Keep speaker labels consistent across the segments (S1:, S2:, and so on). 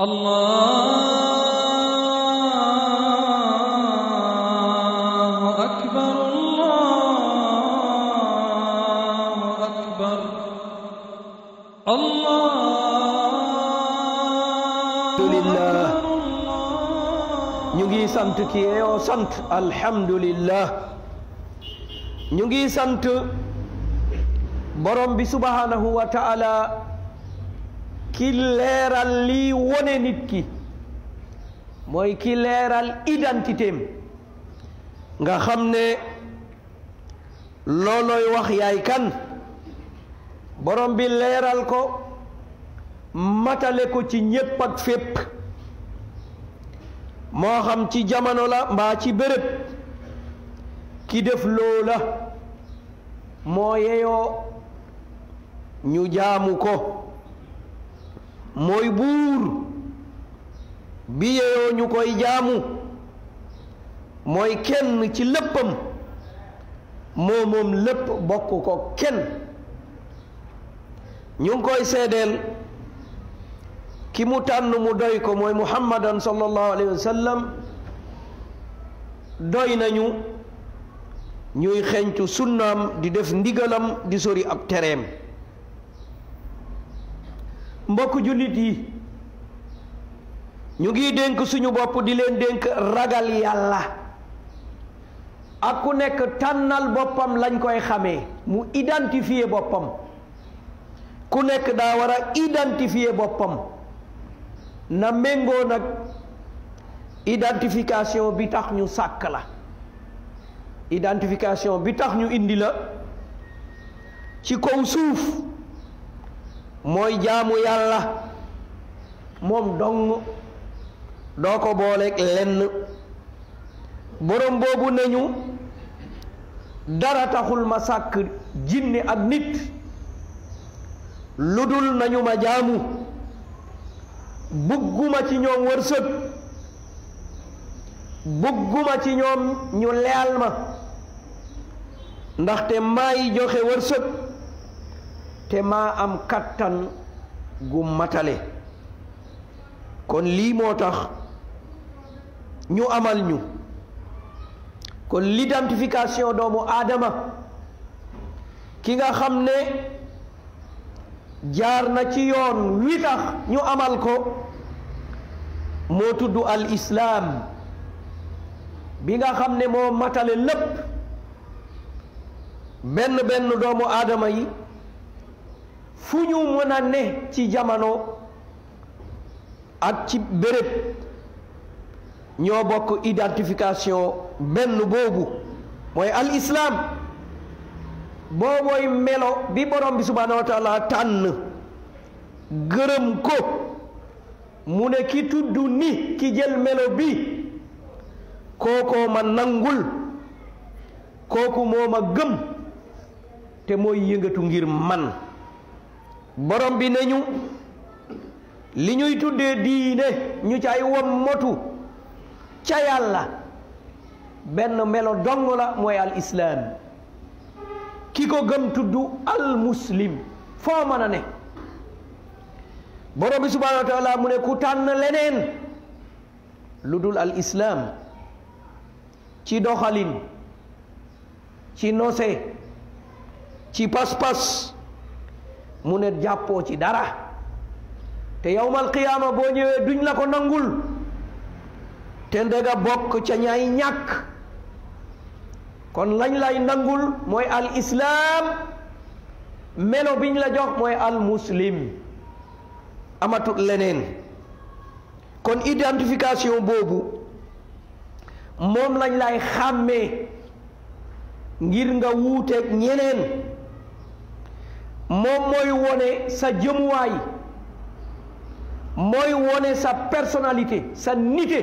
S1: الله أكبر الله أكبر الله لله sant ki sant alhamdulillah ñu sant oh, borom bi subhanahu wa ta'ala ki leeral lii wone nit ki mooy ki leeral identité nga xam ne loolooy wax yaay kan borom bi leeral ko matale ko ci ñépp ak fépp moo xam ci jamono la mbaa ci béréb ki def loola moo yeyoo ñu jaamu ko mooy buur bi yeyoo ñu koy jaamu mooy kenn ci léppam moo lépp bokk ko kenn ñu ngi koy seedeel ki mu tànn mu doy ko mooy muhammadan sallallahu alayhi wa doy nañu ñuy xencu sunnaam di def ndigalam di sori ab tereem mbokk jullit yi ñu ngi dénk suñu bopp di leen dénk ragal yàlla ak ku nekk tànnal lañ koy mu identifier bopam ku nekk daa war a identifier identifikasi na méngoo nag identification bi tax ñu sàkk la identification bi tax ñu indi la ci mooy jaamu yàlla moom dong doo ko booleeg lenn borom boobu nañu dara taxul ma sàkk jinni ak nit lu dul nañu ma jaamu bugguma ci ñoom wërsëg bugguma ci ñoom ñu leyal ma ndaxte maay joxe wërsëg te maa am kàttan gu matale kon lii moo tax ñu amal ñu kon l'identification doomu aadama ki nga xam ne jaar na ci yoon wi tax ñu amal ko moo tudd al islaam bi nga xam ne moo matale lépp benn benn doomu aadama yi fu ñu mën a ne ci jamono ak ci bërëb ñoo bokk identification benn boobu mooy al islam boobooy melo bi borom bi subhanahu tànn gërëm ko mu ne ki tudd ni ki jël melo bi kookoo ma nangul kooku moo ma gëm te mooy yëngatu ngir man borom bi nañu li ñuy tuddee diine ñu ci ay wom motu ca yàlla benn melo dong la mooy al ki ko gëm tudd almuslim foo mën a ne borom bi subhanahu mu ne ku tànn leneen lu dul al islaam ci doxalin ci nose ci pas-pas mu ne jàppoo ci dara te yawmal qiyaama boo ñëwee duñ la ko nangul te ndega bokk ca ñay ñàkk kon lañ lay nangul mooy al melo biñ la jox mooy al muslim amatut leneen kon identification boobu moom lañ lay xàmmee ngir nga wuuteeg ñeneen moom mooy wone sa jëmuwaay mooy wone sa personnalité sa nite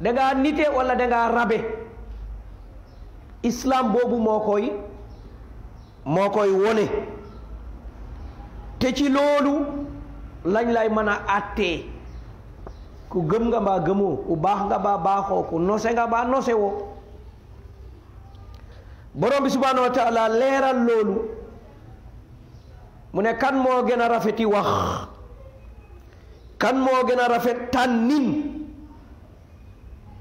S1: da ngaa nite wala da ngaa rabe islam boobu moo koy moo koy wone te ci loolu lañ lay mën a àttee ku gëm nga mbaa gëmoo ku baax nga mbaa baaxoo ku nose nga mbaa nose borom bi subhanahu wa leeral loolu mu ne kan moo gën a rafeti wax kan moo gën a rafet tànnin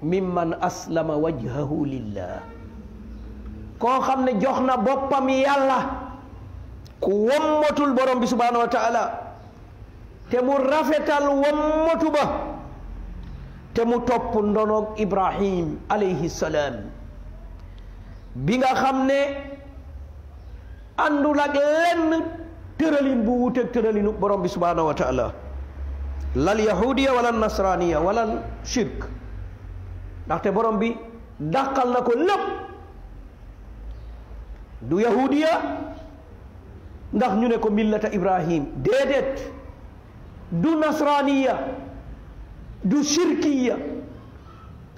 S1: mimman aslama wajhahu lillah koo xam ne jox na boppam yàlla ku wommatul borom bi subhanahu wa te mu rafetal wommatu ba te mu topp ndonoog ibrahim alayhi salaam bi nga xam ne àndul ak lenn tëralin bu wuteeg tëralinu borom bi subhaanahu wa taala lal yahudiya nasraniya wala shirk ndaxte borom bi dàqal na ko lépp du yahudiya ndax ñu ne ko millata ibrahim déedéet du nasraniya du shirkiya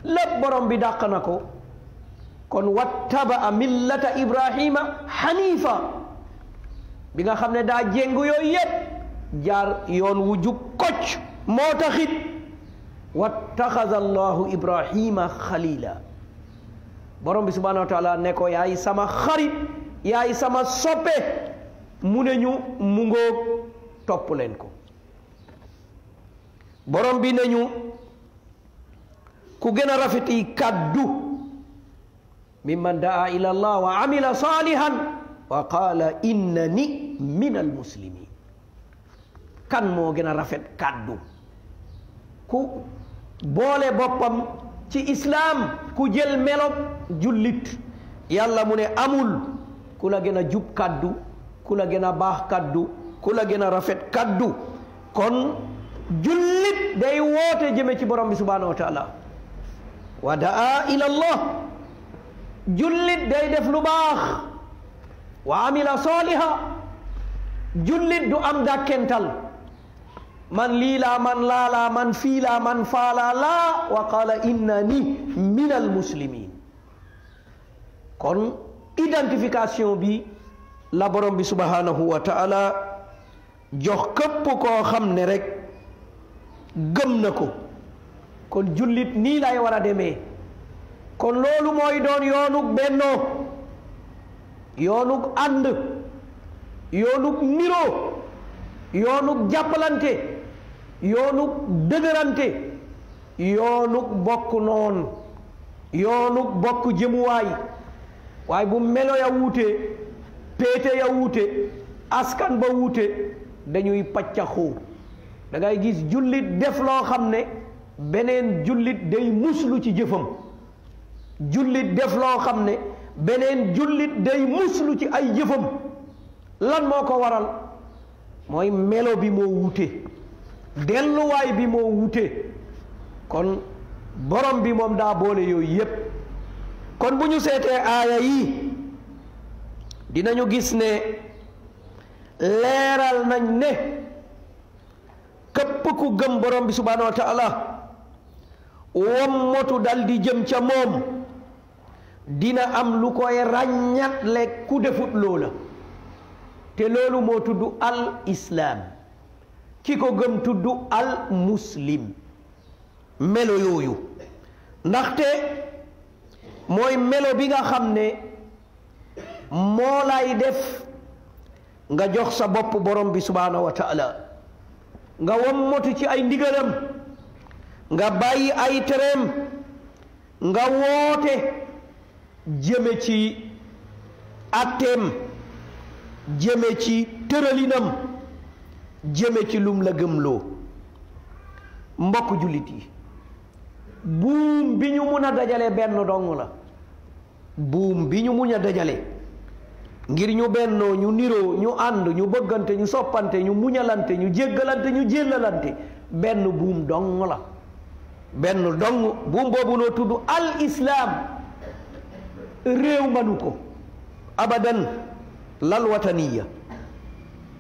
S1: lépp borom bi dàq na ko kon wattaba millata ibrahima bi nga xam ne daa jéngu yooyu yépp jaar yoon wu jub kocc moo taxit wattaxada allahu ibrahima xalila borom bi subhanahu wa taala ne ko yaay sama xarit yaay sama soppe mu ne ñu mu ngoog topp leen ko borom bi ne ñu ku gën a rafeti kàddu mimman daa ila allah wa amila salihan wa qaala innani minal muslimin kan moo gën a rafet kàddu ku boole boppam ci islaam ku jël melob jullit yàlla mu ne amul ku la gën a jub kàddu ku la gën a ku la gën a rafet kàddu kon jullit day woote jëme ci borom bi subhanahu wa taala wa daa ila allah jullit day def lu baax wa amila soliha jullit du am dàkkental man liila man laala man fiila man faala laa wa qala innani min al muslimin kon identification bi la borom bi subhanahu wa ta'ala jox képp koo xam rek gëm na kon jullit nii lay war a kon loolu mooy doon yonuk benno yoonug ànd yoonu niroo yoonu jàppalante yoonu dëgërante yoonug bokk noon yoonug bokk jëmuwaay waaye bu melo ya wuute péete ya wuute askan ba wuute dañuy paccaxu dangay gis jullit def loo xam ne beneen jullit day muslu ci jëfam jullit def loo xam ne beneen jullit day lu ci ay jëfam lan moo ko waral mooy melo bi moo wute delluwaay bi moo wute kon borom bi moom daa boole yooyu yépp kon bu ñu seetee aaya yi dinañu gis ne leeral nañ ne képp ku gëm borom bi subhanahu wa taala motu dal jëm ca moom dina am lu koy ràññatle ku defut loola te loolu moo tudd al ki ko gëm tudd al muslim melo yooyu ndaxte mooy melo bi nga xam ne moo lay def nga jox sa bopp borom bi subhaanahu wa taala nga wammotu ci ay ndigalam nga bàyyi ay tereem nga woote jëme ci atteem jëme ci tëralinam jëme ci lum la gëmloo mbokk jullit yi buum bi ñu mun a dajale benn dong la buum bi ñu mun a dajale ngir ñu bennoo ñu niroo ñu ànd ñu bëggante ñu soppante ñu muñalante ñu jéggalante ñu jéllalante benn buum dong la benn dong buum boobu noo tudd al réew manu ko abadan lal wataniya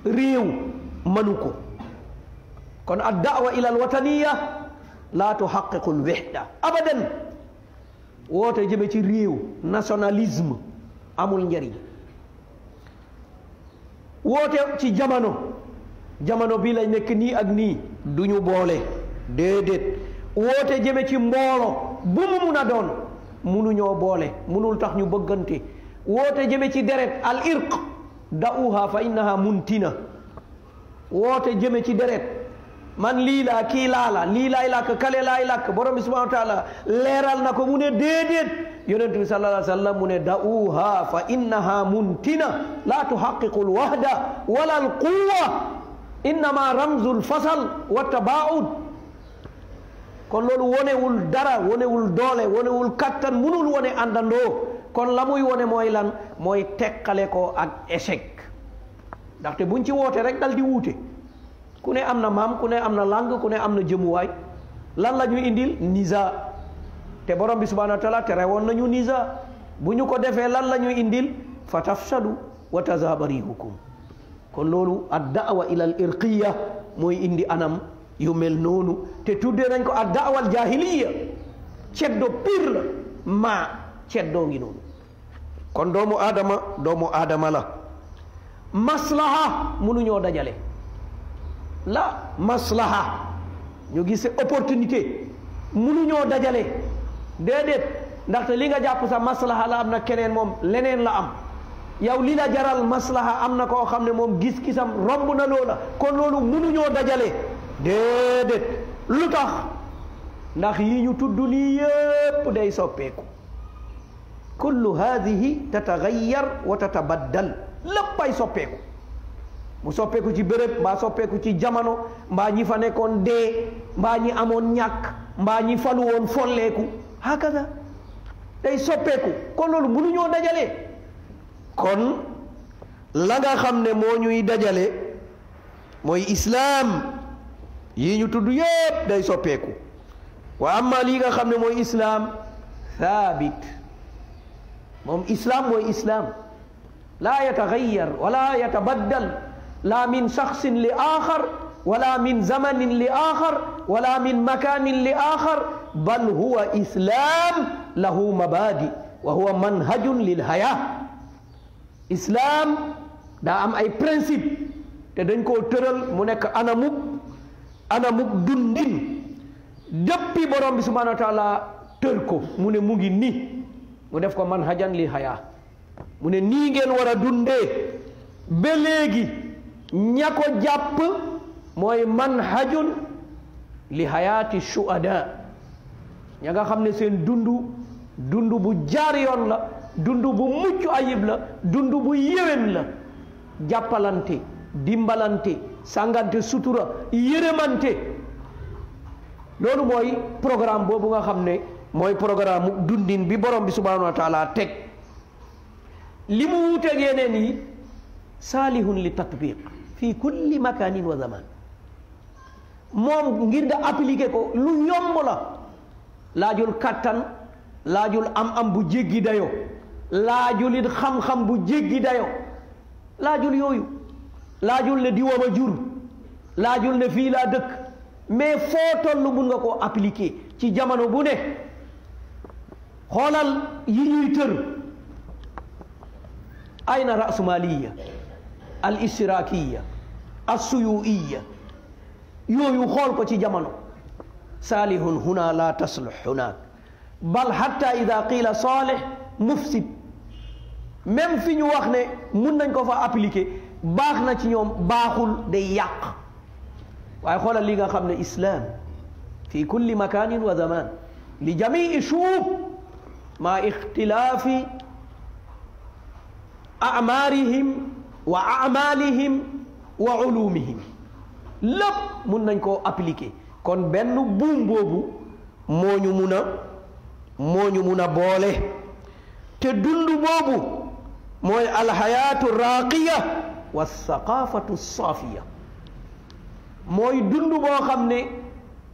S1: réew manu ko kon ad daawa ila al wataniya laa tuxaqiqu al wahda abadan woote jëme ci réew nationalisme amul njariñ woote ci jamono jamono bii lay nekk nii ak nii duñu boole déedéet woote jëme ci mboolo bu mu mun a doon mënuñoo boole munul tax ñu bëggante woote jëme ci deret al irq da'uha fa innaha muntina woote jëme ci deret man lii laa kii laa la lii laay làkk kale laay làkk borom bi subhanahu wa taala leeral na ko mu ne déedéet yonent bi sallallahu alayhi wa sallam mu ne da'uha fa innaha muntina laa tuhaqiqu lwahda wala alquwa innama ramzu lfasal wa tabaud kon loolu wonewul dara wonewul doole wonewul kattan munul wone àndandoo kon la muy wone mooy lan mooy teqale ko ak échec ndaxte buñ ci woote rek dal di wuute ku ne am na maam ku ne am na langue ku ne am na jëmuwaay lan la ñuy indil nisa te borom bi subhanahu wa taala tere woon nañu nisa bu ñu ko defee lan la indil fa tafsadu wa tazabarihukum kon loolu ad da'wa ila al mooy indi anam yu mel noonu te tuddee nañ ko ad daawal jahiliya ceddo pir la maa ceddoo ngi noonu kon doomu aadama doomu aadama la maslaha munuñoo dajale la maslaha ñu gisee opportunité munuñoo dajale déedéet ndaxte li nga jàpp sa maslaha la am na keneen mom leneen la am yow li jaral maslaha am na koo xam gis-gisam romb na loola kon loolu munuñoo dajale déedéet lu tax ndax yi ñu tudd nii yépp day soppeeku kullu haadihi tatagayyar wa tatabaddal léppay soppeeku mu soppeeku ci béréb mbaa soppeeku ci jamono mbaa ñi fa nekkoon dee mbaa ñi amoon ñàkk mbaa ñi falu woon folleeku hakada day soppeeku kon loolu mënuñoo dajale kon la nga xam ne moo ñuy dajale mooy islaam yi ñu tudd yépp day soppeeku wa amma li nga xam ne mooy islaam thabit moom islaam mooy islaam laa yatagayyar wala yatabaddal laa min shaxsin li aaxar ولا من زمن لآخر ولا من مكان لآخر بل هو إسلام له مبادئ وهو منهج للحياة إسلام دا أم أي برنسيب تدنكو ترل منك أنا مب anamuk dundin depuis borom bi subhanahu wa taala ko mu ne mu ngi nii mu def ko man hajan mu ne nii ngeen war a dundee ba léegi ña jàpp mooy man hajun li hayaati shuhada ña nga xam ne seen dundu dundu bu jaar yoon la dundu bu mucc ayib la dundu bu yéwén la jàppalante dimbalante sàngante sutura yërëmante loolu mooy programme boobu nga xam ne mooy programme dundin bi borom bi subhanahu teg li mu wuuteeg yeneen yi saalihun li tatbiq fi kulli makanin wa zaman moom ngir nga appliquer ko lu yomb la laajul kattan laajul am-am bu jéggi dayo laajul it xam-xam bu jéggi dayoo laajul yooyu laajul ne diwa ma jur laajul ne fii laa dëkk mais foo toll mun nga koo appliquer ci jamono bu ne xoolal yi ñuy tër ayna rasmaliya al istirakiya assuyuiya yooyu xool ko ci jamono salihun huna la taslux hunaak bal hatta ida qila salih mufsid même fi ñu wax ne mun nañ ko fa appliquer baxna ci ñoom baxul day yàq waaye xoolal li nga xam ne islaam fi kulli makanin wa zaman li jamii shuub ma ixtilaafi amarihim wa amalihim wa ulumihim lépp mun nañ koo appliquer kon benn buum boobu moo ñu mun a moo ñu mun a boole te dund boobu mooy alxayaatu raaqiya wa saqaafatu saafiya mooy dund boo xam ne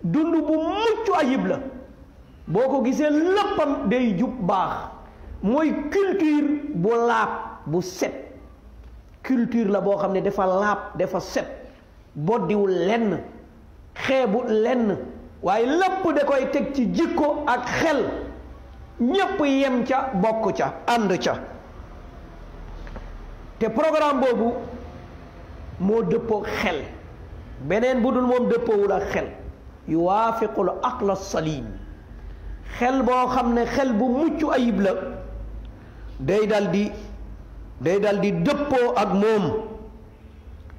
S1: dund bu mucc ayib la boo ko gisee léppam day jub baax mooy culture bu laab bu set culture la boo xam ne dafa laab dafa set boddiwul lenn xeebul lenn waaye lépp da koy teg ci jikko ak xel ñépp yem ca bokk ca ànd ca te programme boobu مو دبو بنين بودول موم دبو يوافق الأقل السليم خل بو خمنا خل بو موچو أيب لك دي دبو أك موم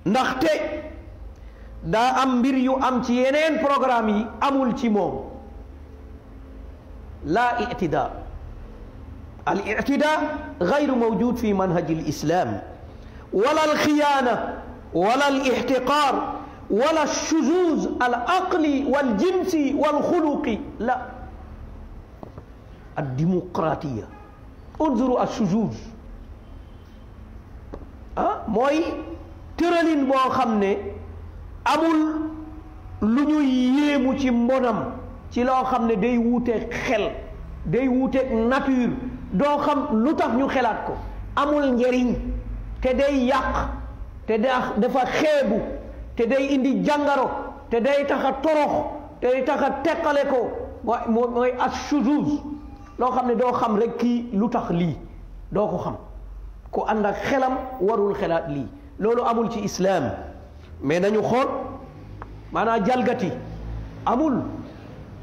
S1: نختي دا أم أم تيينين پروغرامي أمول تي موم لا اعتداء الاعتداء غير موجود في منهج الإسلام ولا الخيانة ولا الاحتقار ولا الشذوذ العقلي والجنسي والخلقي لا الديمقراطية انظروا الشذوذ أه؟ موي ترلين بو خامني امول لو نيو ييمو سي مبونام سي لو خامني داي ووتي خيل داي ووتي ناتور دو خام لوتاخ نيو خيلات امول نيرين تي داي ياق te dafa xeebu te day indi jàngaro te day tax a torox te day tax a teqale ko mooy mooy ashuzuuz loo xam ne doo xam rek kii lu tax lii doo ko xam ku ànd ak xelam warul xelaat lii loolu amul ci islaam mais nañu xool maanaam jalgati amul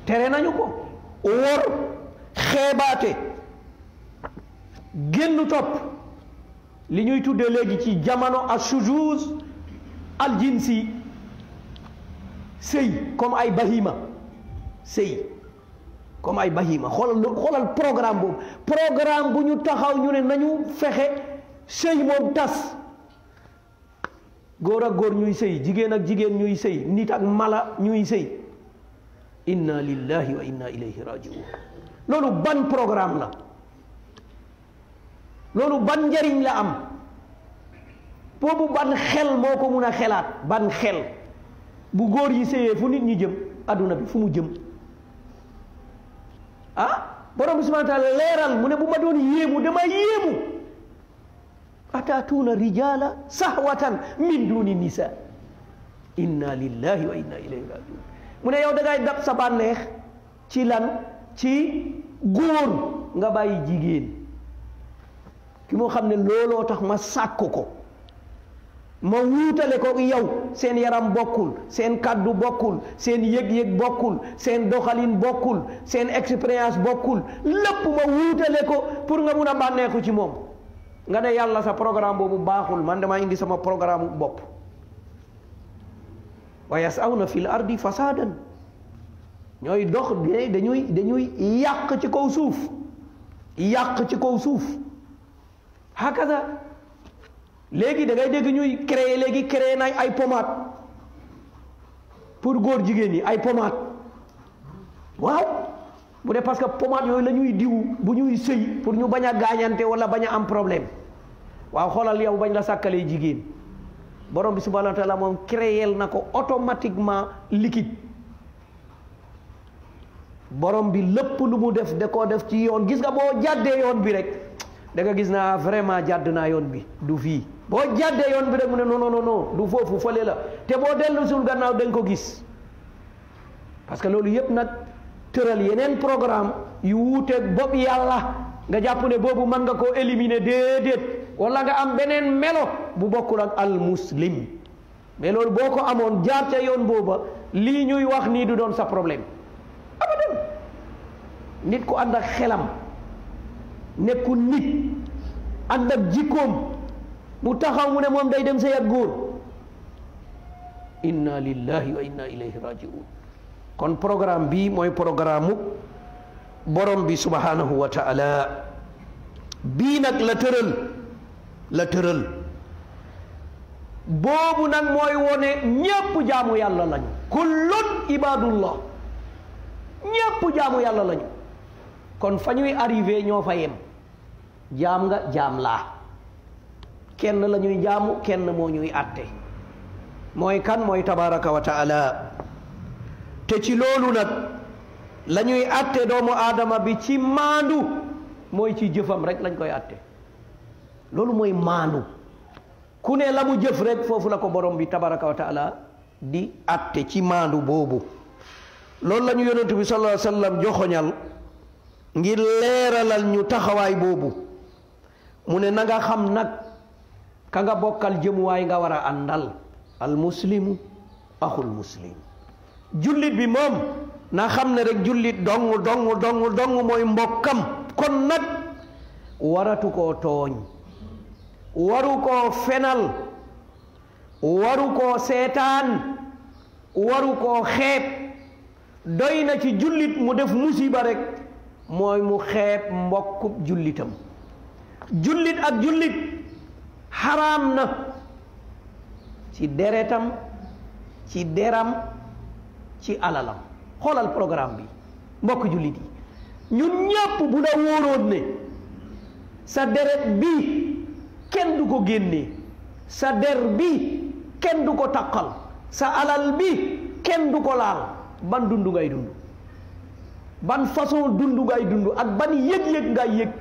S1: tere nañu ko wor xeebaate génn topp li ñuy tuddee léegi ci jamono ashujuz aljinsi sëy comme ay bahima sëy comme ay bahima xoolal xoolal programme boobu programme bu ñu taxaw ñu ne nañu fexe sëy moom tas góor ak góor ñuy sëy jigéen ak jigéen ñuy sëy nit ak mala ñuy sëy inna lillahi wa inna ilayhi rajiun loolu ban programme la loolu ban njariñ la am boobu ban xel moo ko mun ban xel bu góor yi séyee fu nit ñi jëm aduna bi fu mu jëm ah borom bi subhanahu wa taala leeral mu ne bu ma doon yéemu dama yéemu atatuna rijala sahwatan min duni nisa inna lillahi wa inna ilayhi rajiun mu ne yow da ngay dab sa bànneex ci lan ci góor nga bàyyi jigéen ki mu xam ne looloo tax ma sàkk ko ma wuutale ko yow seen yaram bokkul seen kàddu bokkul seen yëg-yëg bokkul seen doxalin bokkul seen expérience bokkul lépp ma wuutale ko pour nga mun a bànneeku ci moom nga ne yàlla sa programme boobu baaxul man damaa indi sama programme bopp wa yasawna fil ardi fasadan ñooy dox dañuy dañuy yàq ci kaw suuf yàq ci kaw suuf hakaza léegi da ngay dégg ñuy créer léegi créer nañ ay pommade pour góor jigéen yi ay pommade waaw bu de parce que pommade yooyu la ñuy diw bu ñuy sëy pour ñu bañ a gaañante wala bañ a am problème waaw xoolal yow bañ la sàkkalee jigéen borom bi subhanahu wa taala moom créel na ko automatiquement liquide borom bi lépp lu mu def de koo def ci yoon gis nga boo jàddee yoon bi rek da nga gis naa vraiment bi du fii boo jàddee yoon bi rek mu ne non non non du foofu fële la te bo dellu sul gannaaw dañ ko gis parce que loolu yépp nag tëral yeneen programme yu wuuteeg bopp yàlla nga jàpp ne boobu mën nga éliminer wala nga am benen melo bu bokkul ak al muslim mais loolu boo ko amoon jaar ca yoon booba lii ñuy wax nii du doon sa problème abadan nit ku xelam nekkul nit ànd ak jikkoom mu taxaw mu ne moom day dem sey ak góor inna lillahi wa inna ilayhi rajiun kon programme bi mooy programme borom bi subhanahu wa taala bii nag la tëral la tëral boobu nag mooy wone ñépp jaamu yàlla lañu kullun ibadullah ñépp jaamu yàlla lañu kon fa ñuy arrivé ñoo fa yem jaam nga jaam laa kenn la ñuy kenn moo ñuy kan mooy tabaraka wa taala te ci loolu nag la ñuy atte doomu aadama bi ci maandu mooy ci jëfam rek lañ koy atte loolu mooy maandu ku ne la mu jëf rek foofu la ko borom bi tabaraka wa taala di atte ci maandu boobu loolu la ñu bi sallallahu alayhi sallam joxoñal ngir leeralal ñu taxawaay boobu mu ne nanga xam nag ka nga bokkal jëmuwaay nga war a àndal al muslimu muslim jullit bi moom na xam ne rek jullit dong dong dong dong mooy mbokkam kon nag waratu ko tooñ waru koo fenal waru koo seetaan waru koo xeeb doy na ci jullit mu def musiba rek mooy mu xeeb mbokk jullitam jullit ak jullit xaraam na ci deretam ci deram ci alalam xoolal programme bi mbokk jullit yi ñun ñépp bu da wóoroon ne sa deret bi kenn du ko génnee sa der bi kenn du ko takkal sa alal bi kenn du ko laal ban dund ngay dund ban façon dundu ngay dundu ak ban yeg yeg ngay yeg.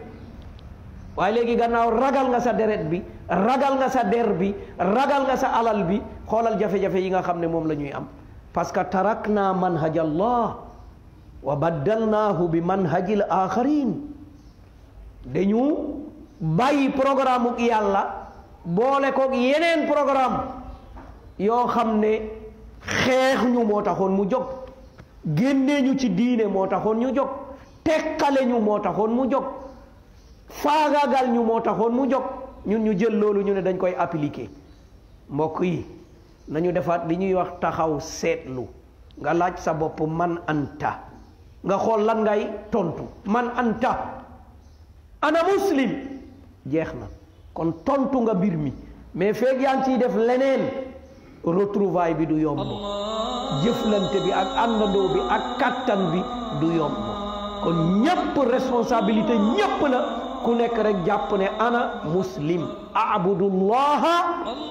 S1: waaye léegi gannaaw ragal nga sa deret bi ragal nga sa der bi ragal nga sa alal bi xoolal jafe-jafe yi nga xam ne moom la ñuy am parce que tarakna manhaj allah wa baddalnahu bi manhajil akharin dañu bàyyi programme yàlla boole koog yenen programme yoo xam ne xeex ñu moo mujok. mu génnee ñu ci diine moo taxoon ñu jog tekkale ñu moo taxoon mu jog faagaagal ñu moo taxoon mu jog ñun ñu jël loolu ñu ne dañ koy appliquer mbokk yi nañu defaat li ñuy wax taxaw seetlu nga laaj sa bopp man anta nga xool lan ngay tontu man anta ana muslim jeex na kon tontu nga mbir mi mais feeg yaa ngi ciy def leneen retrouvaille bi du yomb jëflante bi ak àndandoo bi ak kàttan bi du yomb kon ñépp responsabilité ñépp la ku nekk rek jàpp ne ana muslim aabudullaha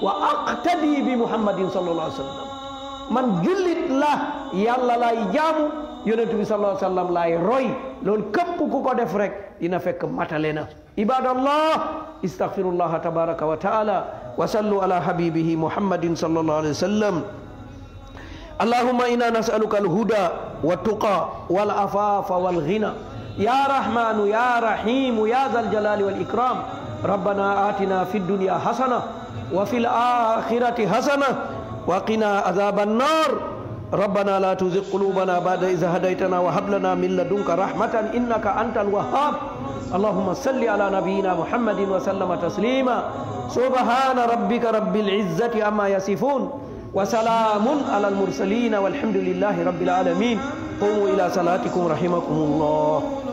S1: wa aqtadi bi muhammadin sallallahu alaihi wasallam. sallam man jullit la yàlla laay jaamu yonent bi sallallahu alaihi wasallam sallam roy loolu képp ku ko def rek dina fekk matale na ibadallah استغفر الله wa taala, wa sallu ala محمد Muhammadin sallallahu alaihi wasallam. اللهم إنا نسألك الهدى والتقى والعفاف والغنى يا رحمن يا رحيم يا ذا الجلال والإكرام ربنا آتنا في الدنيا حسنة وفي الآخرة حسنة وقنا عذاب النار ربنا لا تزغ قلوبنا بعد إذ هديتنا وهب لنا من لدنك رحمة إنك أنت الوهاب اللهم صل على نبينا محمد وسلم تسليما سبحان ربك رب العزة أما يصفون وسلام على المرسلين والحمد لله رب العالمين قوموا إلى صلاتكم رحمكم الله